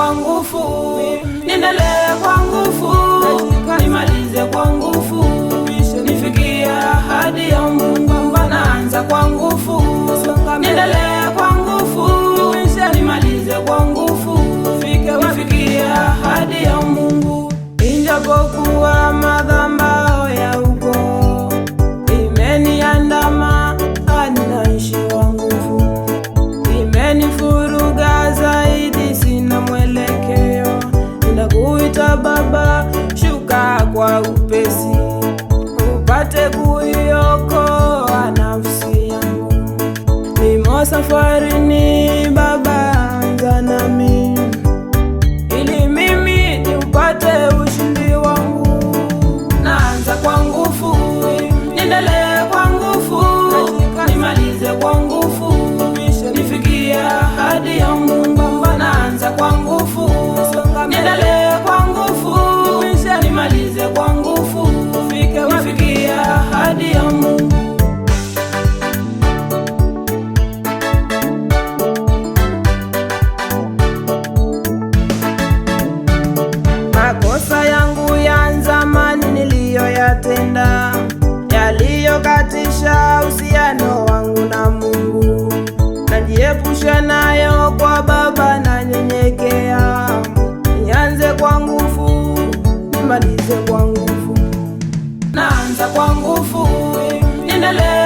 kwa nguvu, niendelee kwa nguvu, nimalize kwa nguvu, nifikie ahadi ya Mungu. Naanza kwa nguvu, niendelee kwa nguvu, nimalize kwa nguvu, nifikie ahadi ya Mungu. Ijapokuwa upesi, upate kuiokoa nafsi yangu, nimo safarini Baba. kukatisha uhusiano wangu na Mungu, najiepusha nayo kwa Baba na nyenyekea. Nianze kwa nguvu, nimalize kwa nguvu, naanza kwa nguvu, niendelee